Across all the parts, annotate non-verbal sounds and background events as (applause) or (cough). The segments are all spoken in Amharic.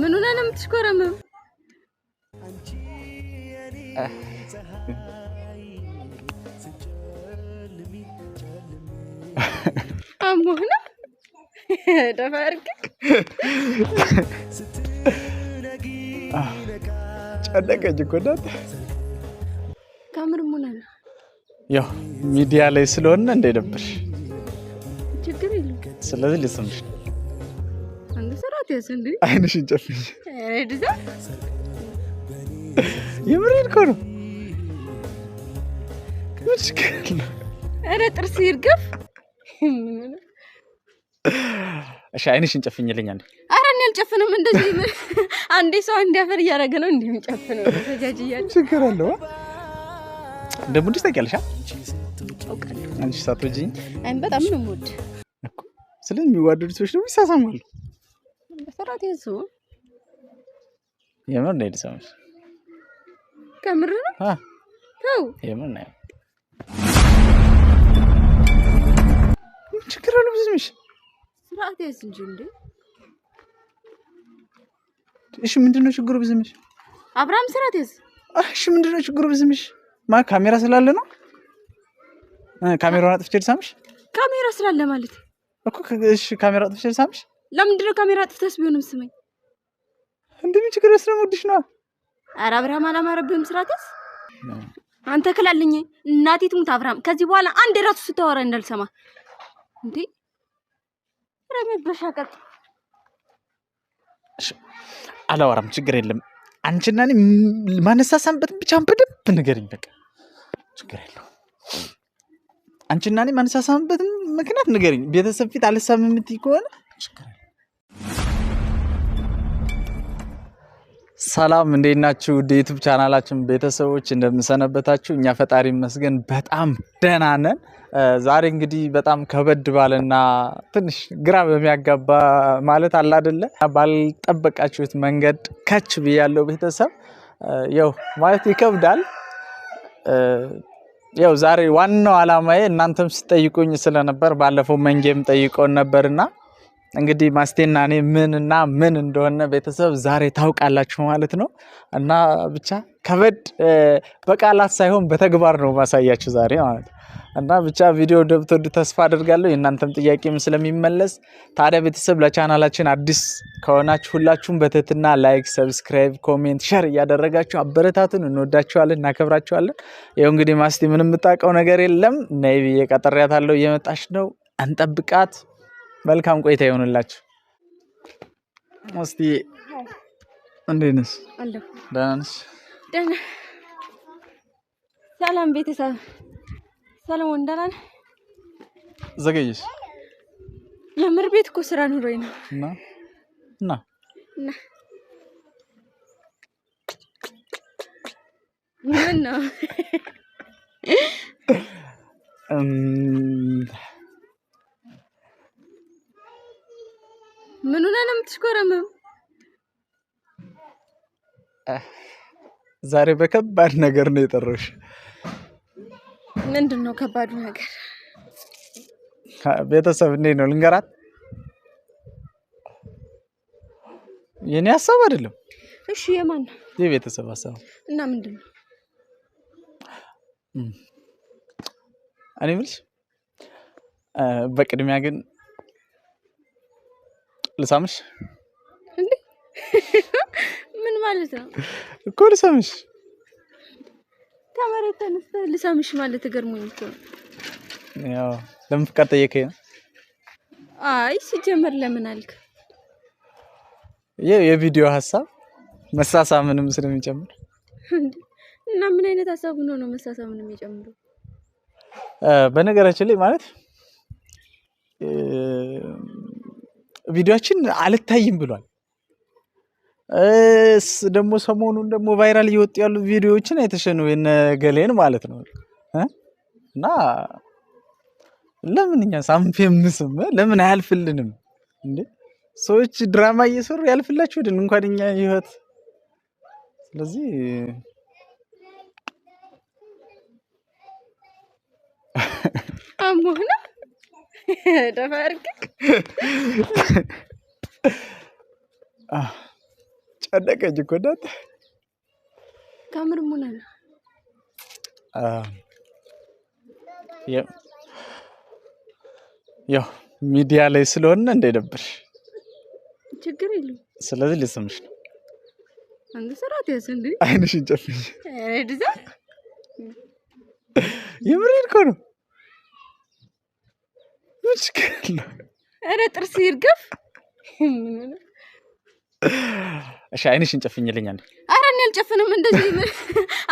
ምን ሆነ ነው የምትሽኮረመው? አሞህ ነው ደፋ አድርገህ እኮ እናት ሆነ ያው ሚዲያ ላይ ስለሆነ እንደ ችግር የለም። ስለዚህ ልስምሽ አይንሽን ጨፍኝ። የምሬን እኮ ነው። ኧረ ጥርስ ይርገፍ። እሺ አይንሽን ጨፍኝልኝ። አንዴ እኔ አልጨፍንም። እንደዚህ አንዴ ሰው እንዲያፈር እያደረገ ነው እንዲህ የሚጨፍነው። ተጃጅያለሁ። ችግር አለው ደግሞ ታውቂያለሽ። አንቺ በጣም ነው የምወድ። ስለዚህ የሚዋደዱ ሰዎች ደግሞ ይሳሳማሉ። በስርዓት የሱ የምር ነው የደሰመሽ? ከምር ነው ተው፣ የምር ነው። ችግር አለ ብዙምሽ ስርዓት የሱ እንጂ እንዴ። እሺ ምንድነው ችግሩ ብዙምሽ? አብርሃም ስርዓት የሱ። እሺ ምንድነው ችግሩ ብዙምሽ? ማ ካሜራ ስላለ ነው? ካሜራውን አጥፍቼ ልሳምሽ? ካሜራ ስላለ ማለት እኮ። እሺ ካሜራ አጥፍቼ ልሳምሽ? ለምንድን ነው ካሜራ ጥፍተስ ቢሆንም ስመኝ እንደምን ችግር ወድሽ ነው። ኧረ አብርሃም አላማረብህም ስራትስ? አንተ ክላለኝ እናቴ ትሙት አብርሃም፣ ከዚህ በኋላ አንድ ራሱ ስታወራ እንዳልሰማ እንዴ። ረሜ በሻቀጥ አላወራም፣ ችግር የለም። አንቺና እኔ ማነሳሳንበት ብቻ በደንብ ንገሪኝ። በቃ ችግር የለው። አንቺና እኔ ማነሳሳንበት ምክንያት ንገሪኝ። ቤተሰብ ፊት አልሳም የምትይ ከሆነ ችግር ሰላም እንዴት ናችሁ? ዩቱብ ቻናላችን ቤተሰቦች እንደምንሰነበታችሁ፣ እኛ ፈጣሪ ይመስገን በጣም ደህና ነን። ዛሬ እንግዲህ በጣም ከበድ ባለና ትንሽ ግራ በሚያጋባ ማለት አለ አይደለ፣ ባልጠበቃችሁት መንገድ ከች ብያለው ቤተሰብ። ያው ማለት ይከብዳል። ያው ዛሬ ዋናው አላማዬ እናንተም ስጠይቁኝ ስለነበር ባለፈው መንጌም ጠይቆን ነበርና እንግዲህ ማስቴና እኔ ምን እና ምን እንደሆነ ቤተሰብ ዛሬ ታውቃላችሁ ማለት ነው። እና ብቻ ከበድ በቃላት ሳይሆን በተግባር ነው ማሳያችሁ ዛሬ ማለት ነው። እና ብቻ ቪዲዮ ደብትወድ ተስፋ አድርጋለሁ። የእናንተም ጥያቄም ስለሚመለስ ታዲያ ቤተሰብ ለቻናላችን አዲስ ከሆናችሁ ሁላችሁም በትህትና ላይክ፣ ሰብስክራይብ፣ ኮሜንት፣ ሸር እያደረጋችሁ አበረታቱን። እንወዳችኋለን፣ እናከብራችኋለን። ይኸው እንግዲህ ማስቴ ምንም የምታውቀው ነገር የለም ነይ ብዬ ቀጠሪያታለሁ። እየመጣች ነው። አንጠብቃት። መልካም ቆይታ ይሆንላችሁ። ስቲ እንዴት ነሽ? ደህና ሰላም ቤተሰብ ሰላም ወንደላን ነህ? ዘገየሽ። የምር ቤት እኮ ስራ ኑሮኝ ነው እና እና እና ምን ነው ምን ሆነ ነው የምትሽኮረመው? ዛሬ በከባድ ነገር ነው የጠራሁሽ። ምንድን ነው ከባዱ ነገር? ቤተሰብ እንዴት ነው ልንገራት? የኔ ሀሳብ አይደለም። እሺ የማን ነው? የቤተሰብ ሀሳብ እና ምንድን ነው? እኔ የምልሽ በቅድሚያ ግን ልሳምሽ? ምን ማለት ነው እኮ ልሳምሽ? ከመሬት ተነስተ ልሳምሽ ማለት ገርሞኝ እኮ ነው። ያው ለምን ፍቃድ ጠየከኝ አይ ሲጀመር ለምን አልክ? የቪዲዮ ሀሳብ ምንም ስለሚጨምር እና ምን አይነት ሀሳብ ነው ነው ምንም የሚጨምረው? በነገራችን ላይ ማለት ቪዲዮችን አልታይም ብሏል። ደግሞ ሰሞኑን ደግሞ ቫይራል እየወጡ ያሉ ቪዲዮዎችን አይተሸኑ የነ ገሌን ማለት ነው እና ለምን እኛስ አንፌምስም? ለምን አያልፍልንም እንዴ? ሰዎች ድራማ እየሰሩ ያልፍላችሁ ድን እንኳን እኛ ህይወት። ስለዚህ አሞህ ጨነቀኝ እኮ እናት ከምር ሙላ ነው። ያው ሚዲያ ላይ ስለሆነ እንደ ነበር ችግር የለም። ስለዚህ ልስምሽ ነው። አንተ ሰራት ያስንዲ አይንሽን ጨፍኝ። የምሬን እኮ ነው። ኧረ ጥርስ ይርገፍ። እሺ አይንሽን ጨፍኝልኝ። አንዴ ኧረ እኔ አልጨፍንም። እንደዚህ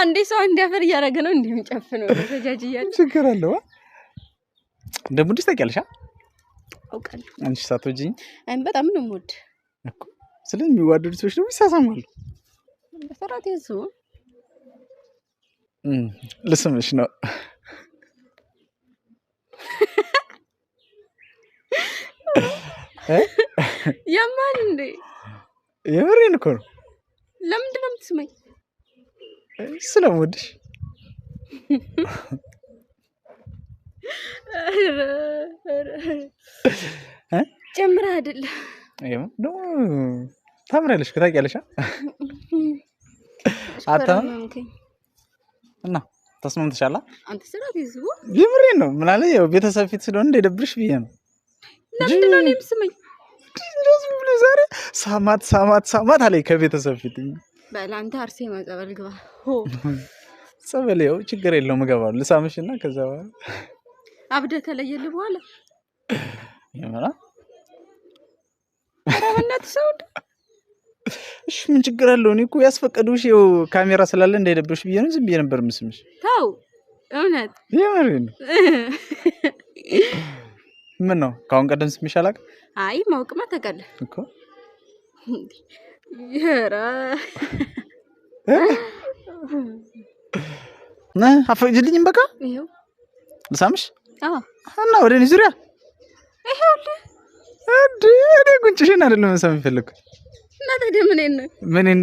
አንዴ ሰው እንዲያፈር እያደረገ ነው እንደሚጨፍነው ተጃጅ እያለ ችግር አለው። እንደ ሙድሽ ታውቂያለሽ? አውቃለሁ። አንቺ ሳትወጂኝ በጣም ነው የምወድ ስለዚህ የሚዋደዱ ሰዎች ደግሞ ይሳሳማሉ። በሰራት የሱ ልስምሽ ነው ያማል እንዴ? የምሬን እኮ ነው። ለምንድን ነው የምትስመኝ? ስለምወድሽ። ጨምረህ አይደለ? ታምራለሽ እኮ ታውቂያለሽ። እና የምሬን ነው። ምናለ ያው ቤተሰብ ፊት ስለሆነ እንደደብርሽ ብዬ ነው ለምንድን ነው እኔም ስመኝ ብሎ ዛሬ ሳማት ሳማት ሳማት አለኝ። ከቤተሰብ ፊት በላንተ አርሴ መጸበል ግባ ጸበል ያው ችግር የለውም እገባለሁ። ልሳምሽ እና ከዛ በኋላ አብደህ በኋላ ይመራ ረብነት ሰው እሺ፣ ምን ችግር አለው? እኔ እኮ ያስፈቀዱሽ ይኸው ካሜራ ስላለ እንዳይደብርሽ ብዬ ነው ዝም ብዬ ነበር ምስምሽ። ተው እውነት የምሬ ነው። (laughs) ምን ነው ከአሁን ቀደም ስምሽ አይ ማወቅማ ታውቃለህ እኮ። በቃ ልሳምሽ እና ወደ እኔ ዙሪያ እኔ ጉንጭሽን አይደለም መሳም የፈለግኩት። እና ታዲያ ምኔን ነው ምኔን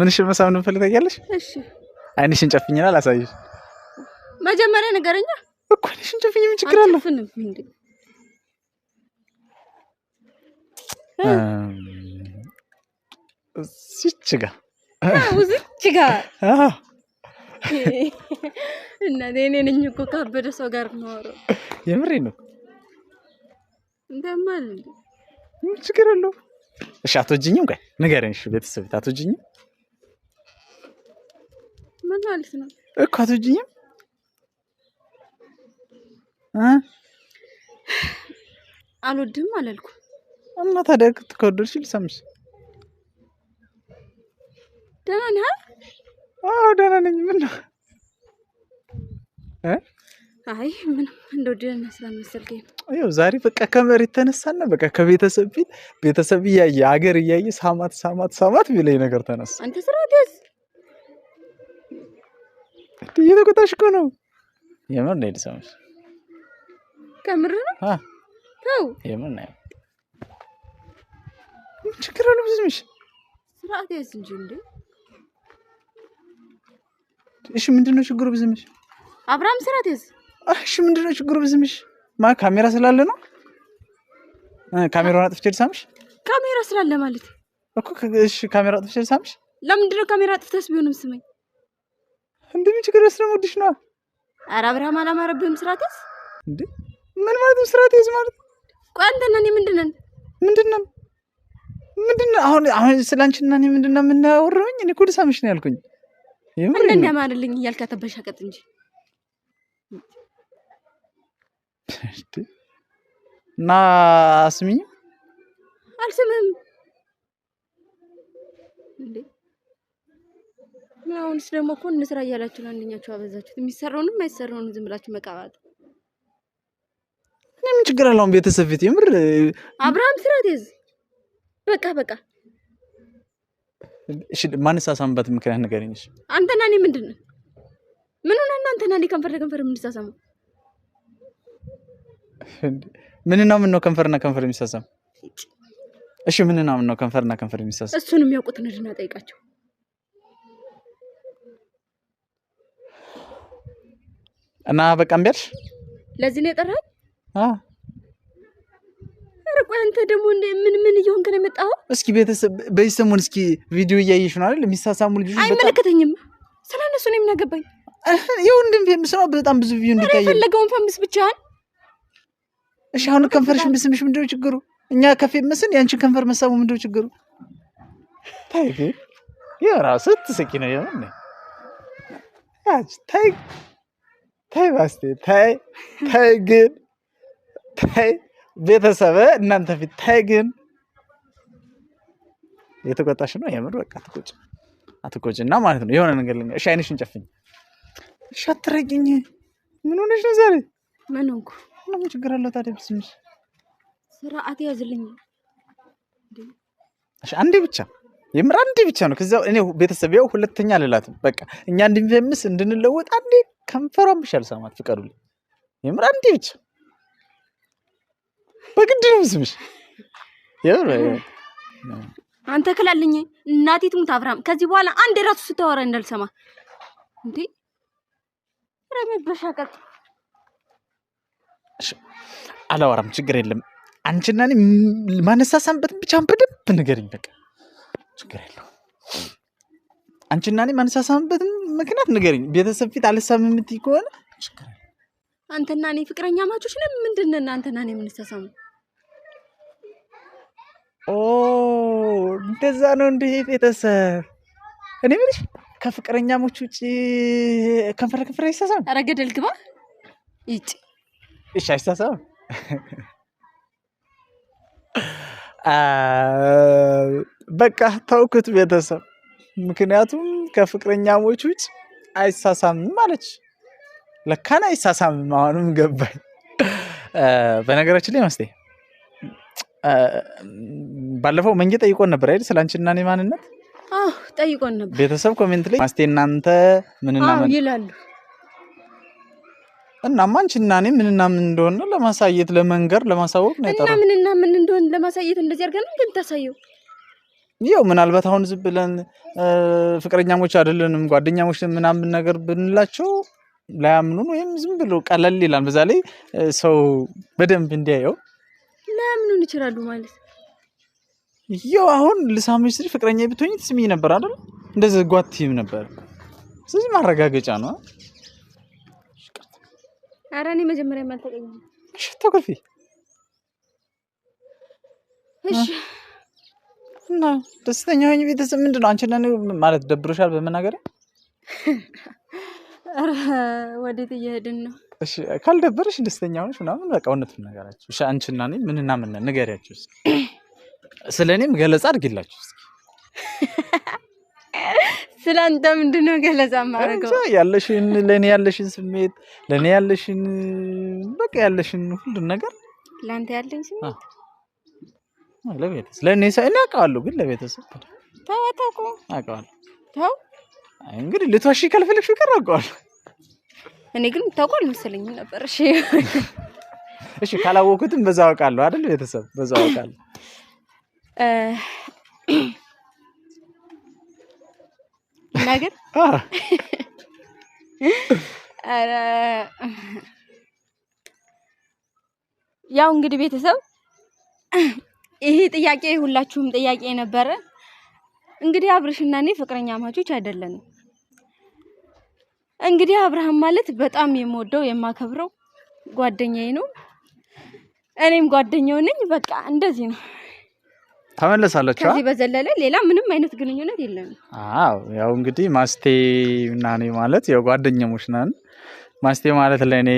ምንሽን መሳም ነው የምፈልግ አይንሽን ጨፍኝና ላሳይሽ። መጀመሪያ ነገረኛ እኮ አይንሽን ጨፍኝ ምን ችግር አለው? እዚች ጋ እኔ ነኝ እኮ ሰው ጋር የማወራው። የምሬ ነው። እንደማል ምን ችግር አለው? እሺ ንገረኝ። እሺ ቤተሰብ ምን ማለት ነው እኮ አቶ አልወድም አላልኩም እና ታዲያ ከወደድሽ ልሰምሽ። ደህና ነህ? አዎ ደህና ነኝ። ምን ነው? አይ ምንም እንደው ደህና ስላመሰልከኝ ነው። ዛሬ በቃ ከመሬት ተነሳና በቃ ከቤተሰብ ፊት ቤተሰብ እያየ አገር እያየ ሳማት ሳማት ሳማት ቢለኝ ነገር ተነሳ። አንተ ስራትስ እየተቆጣሽ እኮ ነው። የምር ነው ልሰምሽ። ከምር ነው? አዎ የምር ነው። ችግር አለው። ዝምሽ ስርዓት ያዝ እንጂ እንዴ! እሺ፣ ምንድነው ችግሩ? ብዝምሽ አብርሃም፣ ስርዓት ያዝ። እሺ፣ ምንድነው ችግሩ? ብዝምሽ ማ ካሜራ ስላለ ነው? ካሜራውን አጥፍቼ ልሳምሽ? ካሜራ ስላለ ማለት እኮ። እሺ፣ ካሜራ አጥፍቼ ልሳምሽ? ለምንድነው ካሜራ አጥፍተስ? ቢሆንም ስመኝ ምን ችግር ስለምወድሽ ነው። ኧረ አብርሃም፣ አላማረብህም? ስርዓት ያዝ እንዴ! ምን ማለት ነው? ስርዓት ያዝ ማለት ቆይ፣ አንተና እኔ ምንድነን? ምንድነን ምንድን አሁን አሁን ስለ እኔ ምንድን ነው የምናወራኝ? እኔ እኮ ልሳምሽ ነው ያልኩኝ። እንደማርልኝ እያልክ አትበሻቀጥ እንጂ እና አስሚኝ አስሚኝም አልስምህም። አሁንስ ደግሞ እኮ እንስራ እያላችሁ አንደኛችሁ አበዛችሁት። የሚሰራውንም አይሰራውን ዝም ብላችሁ መቃባት እኔ ምን ችግር አለውን? ቤተሰብ ፊት የምር አብርሃም ስራት የዝ በቃ በቃ እሺ፣ ማንሳሳምበት ምክንያት ንገሪኝ። እሺ፣ አንተና እኔ ምንድን ነው? ምን ሆነ? አንተና እኔ ከንፈር ለከንፈር የምንሳሳሙ ምንና ምን ነው? ከንፈርና ከንፈር የሚሳሳም እሺ፣ ምንና ምን ነው? ከንፈርና ከንፈር የሚሳሳም እሱን የሚያውቁት ንድና ጠይቃቸው። እና በቃ እምቢ አልሽ? ለዚህ ነው የጠራኸኝ? ቆይ፣ አንተ ደግሞ ምን ምን እየሆንክ ነው የመጣው? እስኪ ቤተሰብ በዚህ ሰሞን እስኪ ቪዲዮ እያየሽ ነው አይደል? የሚሳሳሙ ልጆች አይመለከተኝም። ስለ እነሱ ነው የምናገባኝ። የወንድም ፌምስ ነው በጣም ብዙ ቪዲዮ እንድታየ የፈለገውን ፈምስ ብቻህን። እሺ አሁን ከንፈርሽ ምስምሽ ምንድን ችግሩ? እኛ ከፌ ከፌመስን ያንቺን ከንፈር መሳሙ ምንድን ችግሩ? ታይ የራስህ ትስቂ ነው የሆነ ታይ ታይ ባስቴ ታይ ታይ ግን ታይ ቤተሰብ እናንተ ፊት ታይ ግን የተቆጣሽ ነው የምር። በቃ አትቆጭ አትቆጭ እና ማለት ነው የሆነ ነገር ልንገር። እሺ አይንሽን ጨፍኝ። እሺ አትረቂኝ። ምን ሆነሽ ነው ዛሬ? ምን ሆንኩ? ምን ችግር አለው ታዲያ? ብስምሽ ስርዓት ያዝልኝ። እሺ አንዴ ብቻ የምር አንዴ ብቻ ነው። ከዛ እኔ ቤተሰብ ያው ሁለተኛ ልላትም በቃ እኛ እንድንፈምስ እንድንለወጥ አንዴ ከንፈሯን ብቻ ልሳማት ፍቀዱልኝ። የምር አንዴ ብቻ በግድ ነው ምስምሽ። አንተ ክላልኝ እናቴ ትሙት አብርሃም፣ ከዚህ በኋላ አንድ ራሱ ስታወራ እንዳልሰማ እንዴ ረሚ ረሚበሻቀጥ አላወራም፣ ችግር የለም። አንቺና እኔ ማነሳሳንበት ብቻን በደንብ ንገሪኝ። በቃ ችግር የለው። አንቺና እኔ ማነሳሳንበት ምክንያት ንገሪኝ። ቤተሰብ ፊት አልሳም የምትይ ከሆነ ችግር አንተና እኔ ፍቅረኛ ማቾች ነን? ምንድን ነን? አንተና እኔ የምንተሳሰሙ? ኦ እንደዛ ነው እንዴ? ቤተሰብ እኔ የምልሽ ከፍቅረኛሞች ውጭ ከንፈር ከንፈር አይሳሳም? ኧረ ገደል ግባ። ይጭ እሺ፣ አይሳሳም። በቃ ተውኩት ቤተሰብ፣ ምክንያቱም ከፍቅረኛሞች ውጭ አይሳሳም ማለች ለካና ይሳሳም መሆኑም ገባኝ። በነገራችን ላይ መስ ባለፈው መንጌ ጠይቆን ነበር አይደል? ስለ አንቺና እኔ ማንነት ጠይቆን ነበር። ቤተሰብ ኮሜንት ላይ ማስቴ እናንተ ምንናይላሉ እና ይላሉ። እናማ እኔ ምንና ምን እንደሆነ ለማሳየት ለመንገር ለማሳወቅ ነው ምንና ምን እንደሆነ ለማሳየት እንደዚህ አድርገን እንደምታሳየው ይኸው ምናልባት አሁን ዝም ብለን ፍቅረኛሞች አይደለንም ጓደኛሞች ምናምን ነገር ብንላቸው ላያምኑን ወይም ዝም ብሎ ቀለል ይላል። በዛ ላይ ሰው በደንብ እንዲያየው ላያምኑን ይችላሉ ማለት ያው አሁን ልሳሙ ስሪ ፍቅረኛ ብትሆኝ ትስሚ ነበር አይደል? እንደዚህ ጓትም ነበር። ስለዚህ ማረጋገጫ ነው። ኧረ እኔ መጀመሪያ እሺ ተቆፊ እሺ። እና ደስተኛ ሆኝ ቤተሰብ ምንድን ነው አንቺ እና ማለት ደብሮሻል በመናገር (laughs) ወዴት እየሄድን ነው? እሺ ካልደበረሽ ደስተኛ ሆነሽ ምናምን በቃ እውነቱን ነገራችሁ። እሺ አንቺና እኔ ምን እስኪ፣ ስለ እኔም ገለጻ አድርጊላችሁ እስኪ። (laughs) ስለ አንተ ምንድን ነው ገለጻ ማድረገው? ያለሽን ለእኔ ያለሽን ስሜት ለእኔ ያለሽን በቃ ያለሽን ሁሉን ነገር ለአንተ ያለኝ ስሜት ለቤተሰብ ለእኔ እኔ አውቀዋለሁ፣ ግን ለቤተሰብ ተው አውቀዋለሁ። ተው እንግዲህ ልትዋሺ ካልፈለግሽ ቀር አውቀዋለሁ እኔ ግን የምታውቀው አልመሰለኝም ነበር። እሺ እሺ፣ ካላወኩትም በዛ አውቃለሁ አይደል? ቤተሰብ በዛ አውቃለሁ። ነገር ያው እንግዲህ ቤተሰብ ይሄ ጥያቄ ሁላችሁም ጥያቄ ነበረ። እንግዲህ አብርሽና እኔ ፍቅረኛ ማቾች አይደለንም። እንግዲህ አብርሃም ማለት በጣም የምወደው የማከብረው ጓደኛዬ ነው። እኔም ጓደኛው ነኝ። በቃ እንደዚህ ነው። ተመለሳለች። ከዚህ በዘለለ ሌላ ምንም አይነት ግንኙነት የለም። አዎ ያው እንግዲህ ማስቴ እና እኔ ማለት ያው ጓደኛሞች ነን። ማስቴ ማለት ለእኔ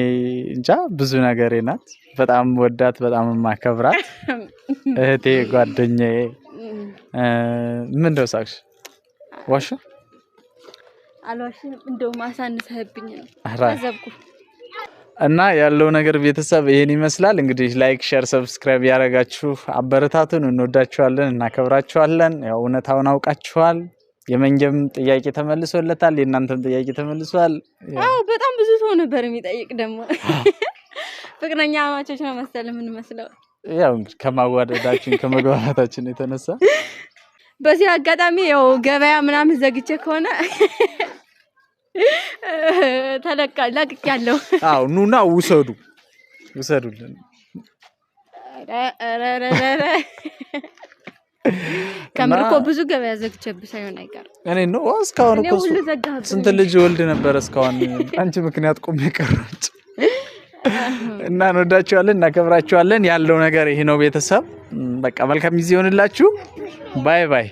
እንጃ ብዙ ነገሬ ናት። በጣም ወዳት፣ በጣም የማከብራት (laughs) እህቴ፣ ጓደኛዬ። ምን ደው ሳቅሽ? ዋሽ አልዋሽም። እንደውም አሳንሰህብኝ ነው እና ያለው ነገር ቤተሰብ ይሄን ይመስላል። እንግዲህ ላይክ፣ ሼር፣ ሰብስክራይብ ያደረጋችሁ አበረታቱን። እንወዳችኋለን፣ እናከብራችኋለን። ያው እውነታውን አውቃችኋል። የመንጀም ጥያቄ ተመልሶለታል፣ የእናንተም ጥያቄ ተመልሷል። አዎ በጣም ብዙ ሰው ነበር የሚጠይቅ ደግሞ (laughs) ፍቅረኛ አማቾች ነው መሰል የምንመስለው። ያው እንግዲህ ከማዋደዳችን ከመግባባታችን የተነሳ በዚህ አጋጣሚ ያው ገበያ ምናምን ዘግቼ ከሆነ ተለቃ ለቅቅ ያለው አዎ፣ ኑና ውሰዱ፣ ውሰዱልን። ከምር እኮ ብዙ ገበያ ዘግቼብህ ሳይሆን አይቀርም። እኔ ነው እስካሁን እኮ ስንት ልጅ ወልድ ነበረ እስካሁን አንቺ ምክንያት ቁም የቀረች እና እንወዳችኋለን፣ እናከብራችኋለን። ያለው ነገር ይሄ ነው። ቤተሰብ በቃ መልካም ጊዜ ይሆንላችሁ። ባይ ባይ።